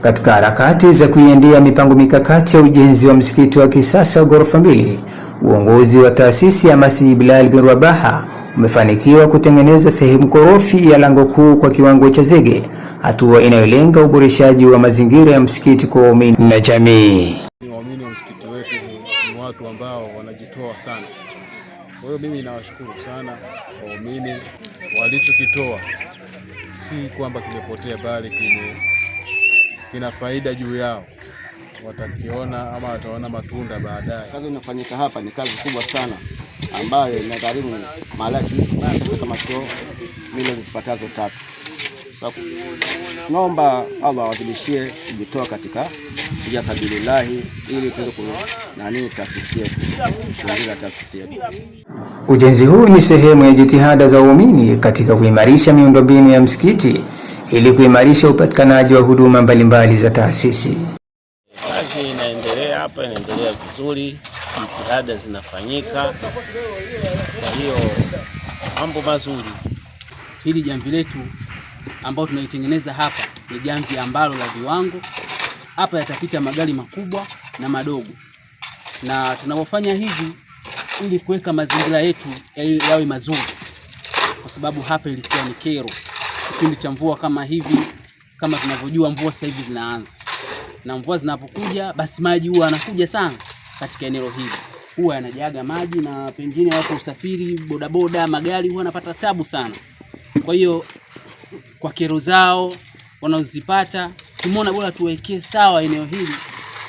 katika harakati za kuiendea mipango mikakati ya ujenzi wa msikiti wa kisasa wa ghorofa mbili, uongozi wa taasisi ya Masjid Bilal bin Rabaha umefanikiwa kutengeneza sehemu korofi ya lango kuu kwa kiwango cha zege, hatua inayolenga uboreshaji wa mazingira ya msikiti kwa waumini na jamii. Waumini wa msikiti wetu ni watu ambao wanajitoa sana, kwa hiyo mimi nawashukuru sana waumini. Walichokitoa si kwamba kimepotea, bali kime kina faida juu yao, watakiona ama wataona matunda baadaye. Kazi inafanyika hapa ni kazi kubwa sana ambayo inagharimu malaki kama sio milioni zipatazo tatu. Naomba Allah awazidishie kujitoa katika jasabilillahi ili tuweze kunani taasisi yetu kuongeza taasisi yetu. Ujenzi huu ni sehemu ya jitihada za waumini katika kuimarisha miundombinu ya msikiti ili kuimarisha upatikanaji wa huduma mbalimbali za taasisi. Kazi inaendelea hapa, inaendelea vizuri, jitihada zinafanyika. Kwa hiyo mambo mazuri. Hili jamvi letu ambalo tunaitengeneza hapa ni jamvi ambalo la viwango. Hapa yatapita magari makubwa na madogo, na tunapofanya hivi ili kuweka mazingira yetu yawe mazuri, kwa sababu hapa ilikuwa ni kero kipindi cha mvua kama hivi, kama tunavyojua mvua sasa hivi zinaanza, na mvua zinapokuja basi maji huwa yanakuja sana katika eneo hili, huwa yanajaga maji, na pengine watu usafiri, bodaboda, magari huwa yanapata tabu sana. Kwa hiyo kwa kero zao wanaozipata tumeona bora tuwekee sawa eneo hili,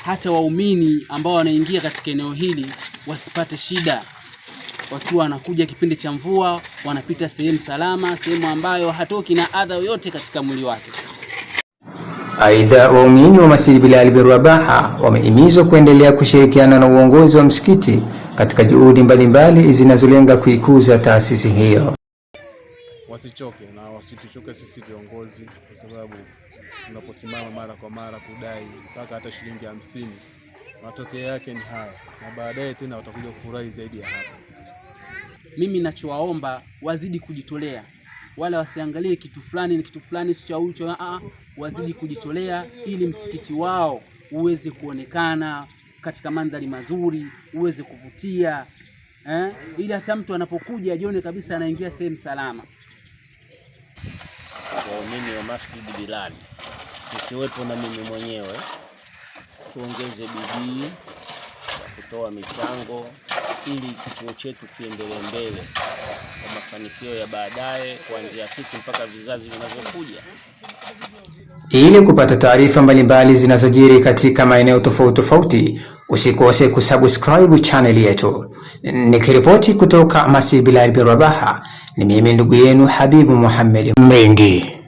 hata waumini ambao wanaingia katika eneo hili wasipate shida wakiwa wanakuja kipindi cha mvua, wanapita sehemu salama, sehemu ambayo hatoki na adha yoyote katika mwili wake. Aidha, waumini wa Masjid Bilal bin Rabaha wamehimizwa kuendelea kushirikiana na uongozi wa msikiti katika juhudi mbalimbali zinazolenga kuikuza taasisi hiyo. Wasichoke na wasituchoke sisi viongozi, kwa sababu tunaposimama mara kwa mara kudai mpaka hata shilingi hamsini, matokeo yake ni haya, na baadaye tena watakuja kufurahi zaidi ya hapo mimi nachowaomba wazidi kujitolea, wala wasiangalie kitu fulani ni kitu fulani sio cha ucho, ah, ah. wazidi kujitolea ili msikiti wao uweze kuonekana katika mandhari mazuri, uweze kuvutia eh, ili hata mtu anapokuja ajione kabisa anaingia sehemu salama. Waumini wa Masjid Bilal, nikiwepo na mimi mwenyewe, tuongeze bidii kutoa michango ili kituo chetu kiendelee mbele kwa mafanikio ya baadaye kuanzia sisi mpaka vizazi vinavyokuja. Ili kupata taarifa mbalimbali zinazojiri katika maeneo tofauti tofauti, usikose kusubscribe channel yetu. Nikiripoti kutoka Masjid Bilal bin Rabaha, ni mimi ndugu yenu Habibu Muhammad Mringi.